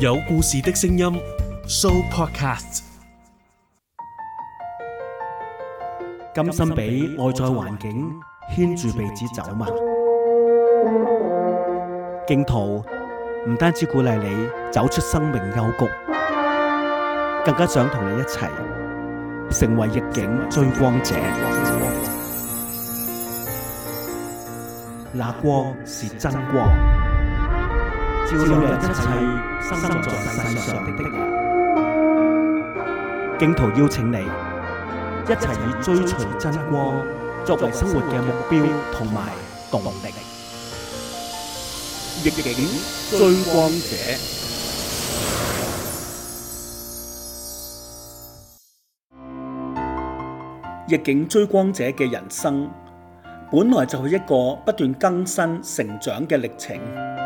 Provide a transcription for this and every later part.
有故事的聲音，Sooopodcast。甘心俾外在環境牽住鼻子走嗎？荊徒唔單止鼓勵你走出生命幽谷，更加想同你一齊成為逆境追光者。那光是真光。照亮一切生在世上的的人，荊徒邀請你一齊以追隨真光作為生活嘅目標同埋動力。逆境追光者，逆境追光者嘅人生本來就係一個不斷更新成長嘅歷程。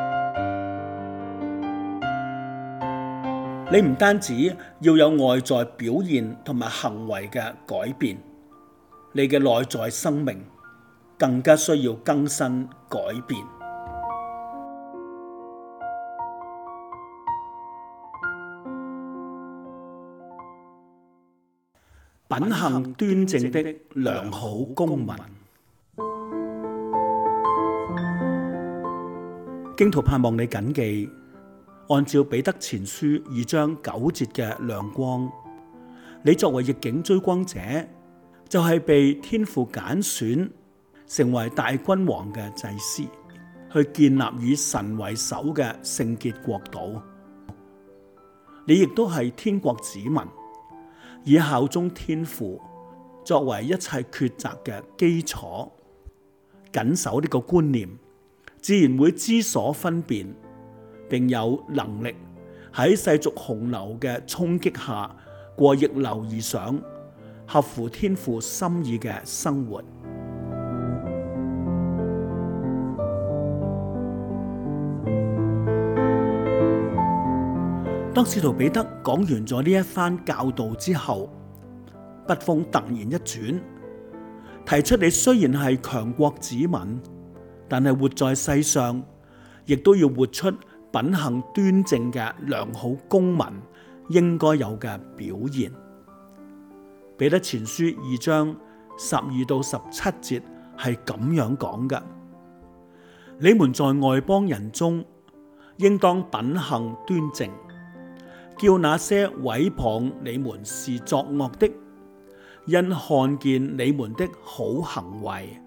你唔單止要有外在表現同埋行為嘅改變，你嘅內在生命更加需要更新改變。品行端正的良好公民。荊徒盼望你緊記。按照彼得前書二章九節嘅亮光，你作為逆境追光者，就係、是、被天父揀選成為大君王嘅祭司，去建立以神為首嘅聖潔國度。你亦都係天國子民，以效忠天父作為一切抉擇嘅基礎，緊守呢個觀念，自然會知所分辨。並有能力喺世俗洪流嘅衝擊下過逆流而上、合乎天父心意嘅生活。當使徒彼得講完咗呢一番教導之後，筆鋒突然一轉，提出你雖然係強國子民，但係活在世上，亦都要活出。品行端正嘅良好公民應該有嘅表現。彼得前書二章十二到十七節係咁樣講嘅：你們在外邦人中，應當品行端正，叫那些毀謗你們是作惡的，因看見你們的好行為，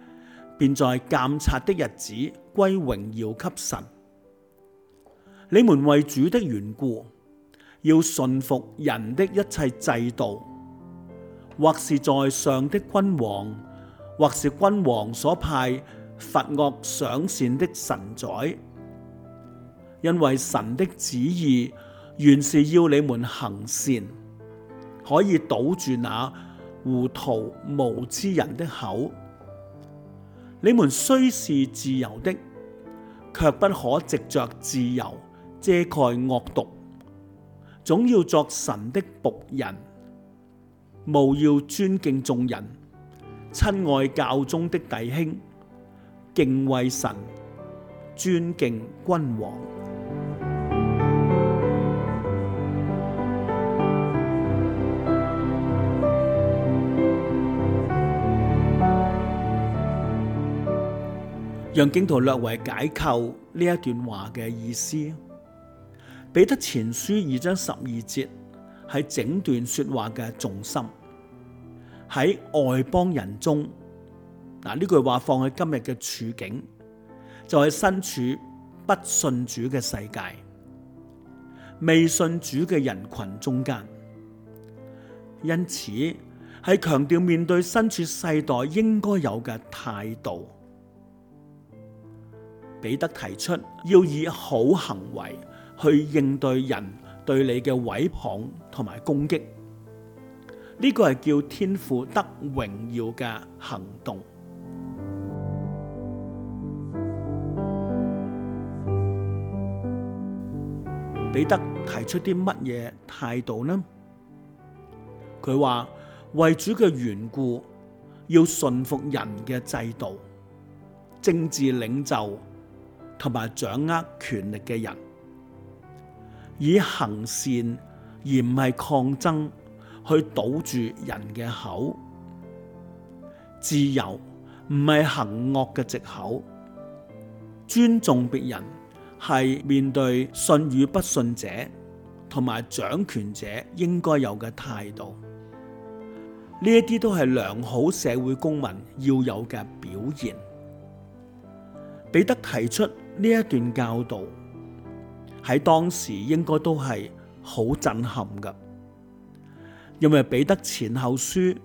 便在鑒察的日子歸榮耀給神。你們為主的緣故，要順服人的一切制度，或是在上的君王，或是君王所派罰惡賞善的神宰，因為神的旨意原是要你們行善，可以堵住那糊塗無知人的口。你們雖是自由的，却不可藉着自由。遮蓋惡毒，總要作神的僕人，務要尊敬眾人，親愛教中的弟兄，敬畏神，尊敬君王。讓荊徒略為解構呢一段話嘅意思。彼得前書二章十二節係整段說話嘅重心，喺外邦人中，嗱，呢句話放喺今日嘅處境，就係身處不信主嘅世界、未信主嘅人群中間，因此係強調面對身處世代應該有嘅態度。彼得提出要以好行為。去應對人對你嘅毀謗同埋攻擊，呢、這個係叫天父得榮耀嘅行動。彼得提出啲乜嘢態度呢？佢話為主嘅緣故，要順服人嘅制度，政治領袖同埋掌握權力嘅人。以行善而唔係抗爭，去堵住人嘅口；自由唔係行惡嘅借口；尊重別人係面對信與不信者同埋掌權者應該有嘅態度。呢一啲都係良好社會公民要有嘅表現。彼得提出呢一段教導。喺當時應該都係好震撼㗎，因為彼得前後書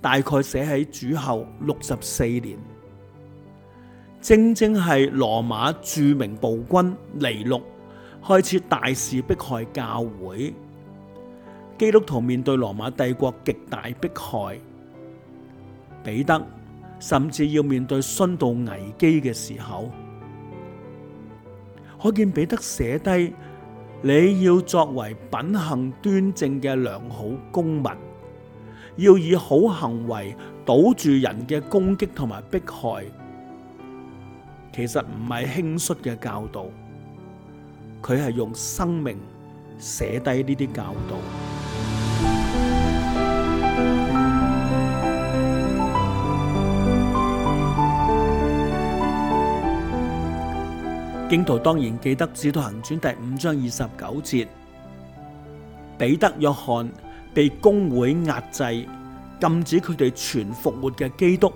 大概寫喺主後六十四年，正正係羅馬著名暴君尼祿開始大肆迫害教會，基督徒面對羅馬帝國極大迫害，彼得甚至要面對殉道危機嘅時候。可見彼得寫低，你要作為品行端正嘅良好公民，要以好行為堵住人嘅攻擊同埋迫害。其實唔係輕率嘅教導，佢係用生命寫低呢啲教導。信徒當然記得《使徒行傳》第五章二十九節，彼得、約翰被公會壓制，禁止佢哋傳復活嘅基督。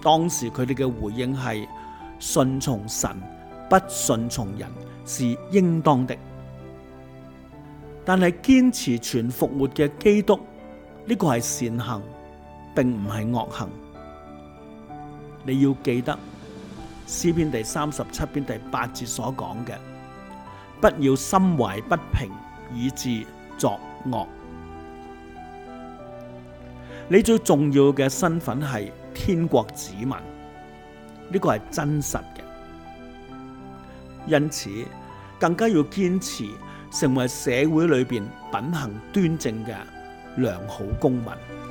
當時佢哋嘅回應係：信從神，不信從人，是應當的。但係堅持傳復活嘅基督呢，這個係善行，並唔係惡行。你要記得。詩篇第三十七篇第八節所講嘅，不要心懷不平，以致作惡。你最重要嘅身份係天國子民，呢個係真實嘅。因此更加要堅持成為社會裏邊品行端正嘅良好公民。